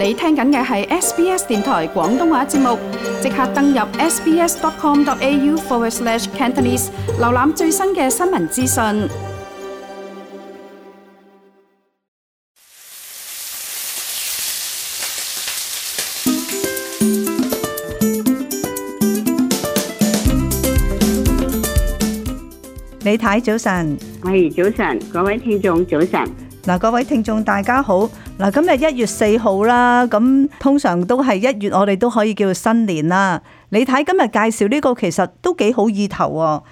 你聽緊嘅係 SBS 電台廣東話節目，即刻登入 sbs.com.au/cantonese 瀏覽最新嘅新聞資訊。李太，早晨。喂，早晨，各位聽眾早晨。嗱，各位聽眾大家好。嗱，今日一月四號啦，咁通常都係一月，我哋都可以叫做新年啦。你睇今日介紹呢個，其實都幾好意頭喎，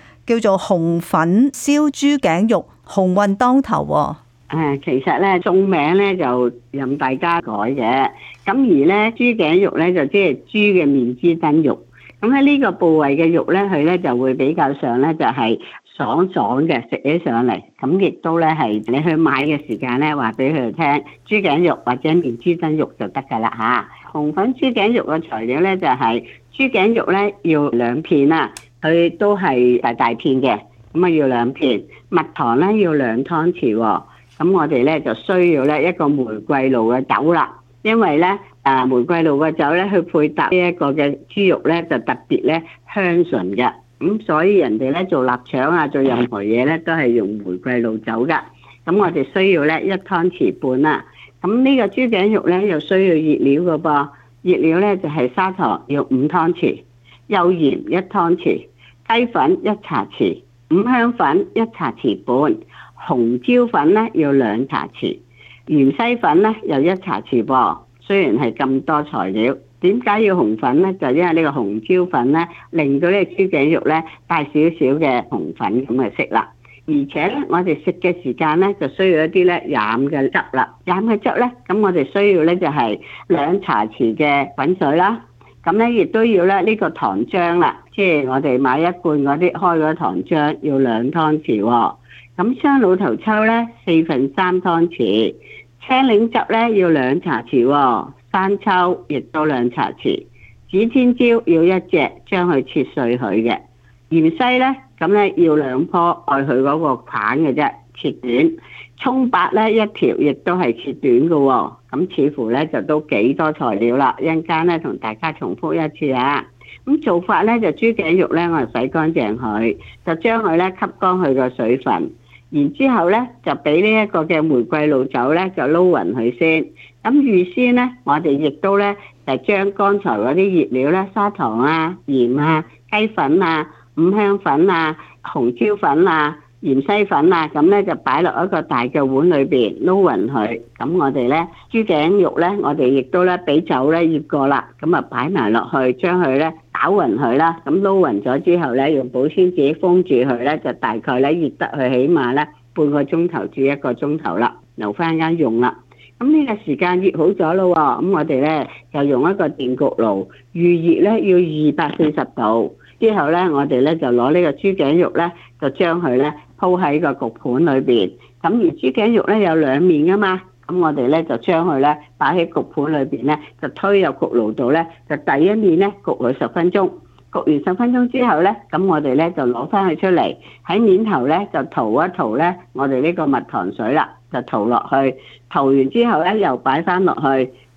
叫做紅粉燒豬頸肉，紅運當頭喎。誒，其實咧中名咧就任大家改嘅。咁而咧豬頸肉咧就即係豬嘅面珠墩肉。咁喺呢個部位嘅肉咧，佢咧就會比較上咧就係。爽爽嘅，食起上嚟。咁亦都咧係你去買嘅時間咧，話俾佢哋聽，豬頸肉或者面豬身肉就得㗎啦嚇。紅粉豬頸肉嘅材料咧就係、是、豬頸肉咧要兩片啊，佢都係大大片嘅，咁啊要兩片，蜜糖咧要兩湯匙喎、哦。咁我哋咧就需要咧一個玫瑰露嘅酒啦，因為咧誒、啊、玫瑰露嘅酒咧去配搭呢一個嘅豬肉咧就特別咧香醇嘅。咁所以人哋咧做臘腸啊，做任何嘢咧都係用玫瑰露酒噶。咁我哋需要咧一湯匙半啦。咁呢個豬頸肉咧又需要熱料噶噃，熱料咧就係、是、砂糖要五湯匙，幼鹽一湯匙，雞粉一茶匙，五香粉一茶匙半，紅椒粉咧要兩茶匙，芫茜粉咧又一茶匙噃。雖然係咁多材料。點解要紅粉呢？就是、因為呢個紅椒粉呢，令到呢個豬頸肉呢帶少少嘅紅粉咁去色啦。而且咧，我哋食嘅時間呢，就需要一啲呢飲嘅汁啦。飲嘅汁呢，咁我哋需要呢就係、是、兩茶匙嘅滾水啦。咁呢亦都要咧呢、這個糖漿啦，即係我哋買一罐嗰啲開咗糖漿要兩湯匙，哦。咁雙老頭抽呢，四份三湯匙，青檸汁呢，要兩茶匙，哦。山丘亦都兩茶匙，指天椒要一隻，將佢切碎。佢嘅芫茜咧，咁咧要兩棵，愛佢嗰個棒嘅啫，切短。葱白咧一條，亦都係切短噶、哦，咁似乎咧就都幾多材料啦。一陣間咧同大家重複一次啊，咁做法咧就豬頸肉咧，我哋洗乾淨佢，就將佢咧吸乾佢個水分。然之後呢，就俾呢一個嘅玫瑰露酒呢就撈勻佢先。咁預先呢，我哋亦都咧就將剛才嗰啲醃料咧，砂糖啊、鹽啊、雞粉啊、五香粉啊、紅椒粉啊。芫茜粉啊，咁咧就擺落一個大嘅碗裏邊撈勻佢。咁我哋咧豬頸肉咧，我哋亦都咧俾酒咧醃過啦。咁啊擺埋落去，將佢咧打勻佢啦。咁撈勻咗之後咧，用保鮮紙封住佢咧，就大概咧醃得佢起碼咧半個鐘頭至一個鐘頭啦，留翻間用啦。咁呢個時間醃好咗咯。咁我哋咧就用一個電焗爐預熱咧，要二百四十度。之後咧，我哋咧就攞呢個豬頸肉咧，就將佢咧鋪喺個焗盤裏邊。咁而豬頸肉咧有兩面噶嘛，咁我哋咧就將佢咧擺喺焗盤裏邊咧，就推入焗爐度咧，就第一面咧焗佢十分鐘。焗完十分鐘之後咧，咁我哋咧就攞返佢出嚟，喺面頭咧就塗一塗咧我哋呢個蜜糖水啦。就塗落去，塗完之後咧又擺翻落去，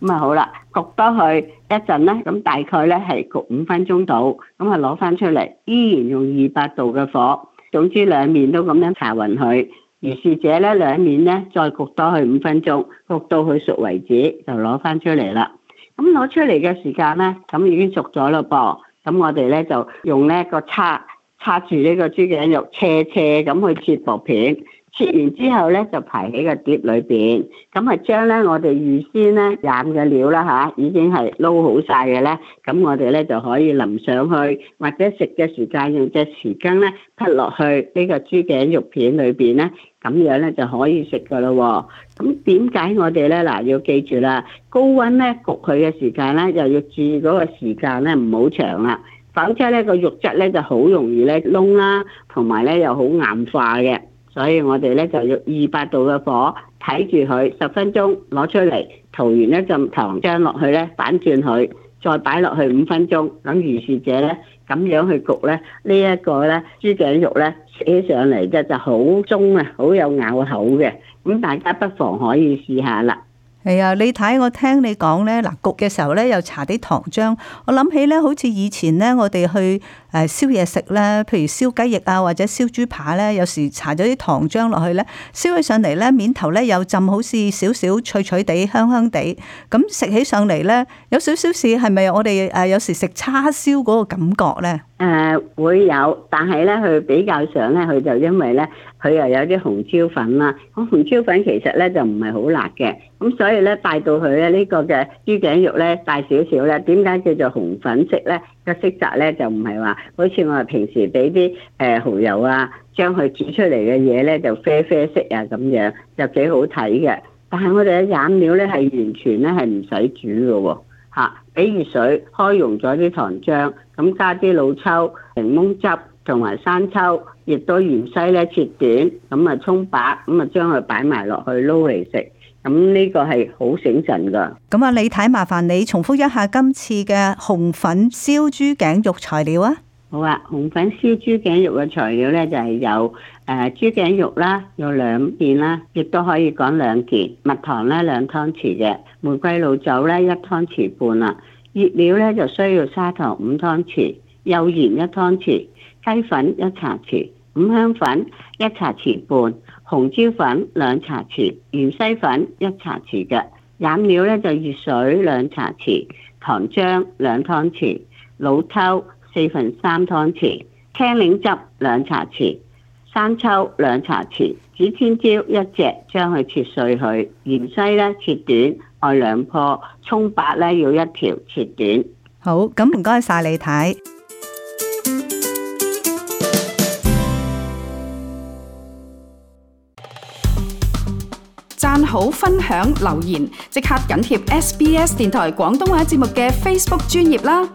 咁啊好啦，焗多去一陣咧，咁大概咧係焗五分鐘到，咁啊攞翻出嚟，依然用二百度嘅火，總之兩面都咁樣搽匀佢，如是者咧兩面咧再焗多去五分鐘，焗到佢熟為止就攞翻出嚟啦。咁攞出嚟嘅時間咧，咁已經熟咗嘞噃，咁我哋咧就用呢個叉叉住呢個豬頸肉斜斜咁去切薄片。切完之後咧，就排喺個碟裏邊。咁啊，將咧我哋預先咧醃嘅料啦嚇，已經係撈好晒嘅咧。咁我哋咧就可以淋上去，或者食嘅時間用隻匙羹咧，潑落去呢個豬頸肉片裏邊咧。咁樣咧就可以食噶啦。咁點解我哋咧嗱要記住啦？高溫咧焗佢嘅時間咧，又要注意嗰個時間咧唔好長啦，否則咧個肉質咧就好容易咧燶啦，同埋咧又好硬化嘅。所以我哋咧就用二百度嘅火，睇住佢十分鐘，攞出嚟塗完一浸糖漿落去咧，反轉佢，再擺落去五分鐘，等如是者咧咁樣去焗咧、這個、呢一個咧豬頸肉咧食上嚟咧就好中啊，好有咬口嘅，咁大家不妨可以試下啦。係啊，你睇我聽你講咧嗱，焗嘅時候咧又搽啲糖漿，我諗起咧好似以前咧我哋去誒燒嘢食咧，譬如燒雞翼啊，或者燒豬扒咧，有時搽咗啲糖漿落去咧，燒起上嚟咧，面頭咧又浸好似少少脆脆地、香香地，咁食起上嚟咧，有少少似係咪我哋誒有時食叉燒嗰個感覺咧？誒會有，但係咧佢比較上咧，佢就因為咧佢又有啲紅椒粉啦。咁紅椒粉其實咧就唔係好辣嘅，咁所以咧帶到佢咧呢個嘅豬頸肉咧帶少少咧。點解叫做紅粉色咧？個色澤咧就唔係話。好似我哋平時俾啲誒蠔油啊，將佢煮出嚟嘅嘢咧就啡啡色啊咁樣，就幾好睇嘅。但係我哋嘅醃料咧係完全咧係唔使煮嘅喎，嚇、啊！俾熱水開溶咗啲糖漿，咁加啲老抽、檸檬汁同埋生抽，亦都芫茜咧切短，咁啊葱白，咁啊將佢擺埋落去撈嚟食。咁呢個係好醒神㗎。咁啊，你睇，麻煩你重複一下今次嘅紅粉燒豬頸肉材料啊！好啊！紅粉燒豬頸肉嘅材料咧，就係、是、有誒豬頸肉啦，有兩件啦，亦都可以講兩件。蜜糖咧兩湯匙嘅，玫瑰露酒咧一湯匙半啦。熱料咧就需要砂糖五湯匙，幼鹽一湯匙，雞粉一茶匙，五香粉一茶匙半，紅椒粉兩茶匙，芫茜粉一茶匙嘅。飲料咧就熱水兩茶匙，糖漿兩湯匙，老抽。四份三湯匙，青檸汁兩茶匙，生抽兩茶匙，指天椒一隻，將佢切碎佢，芫茜咧切短，愛兩棵，葱白咧要一條切短。好，咁唔該晒你睇，讚好分享、留言，即刻緊貼 SBS 電台廣東話節目嘅 Facebook 專頁啦。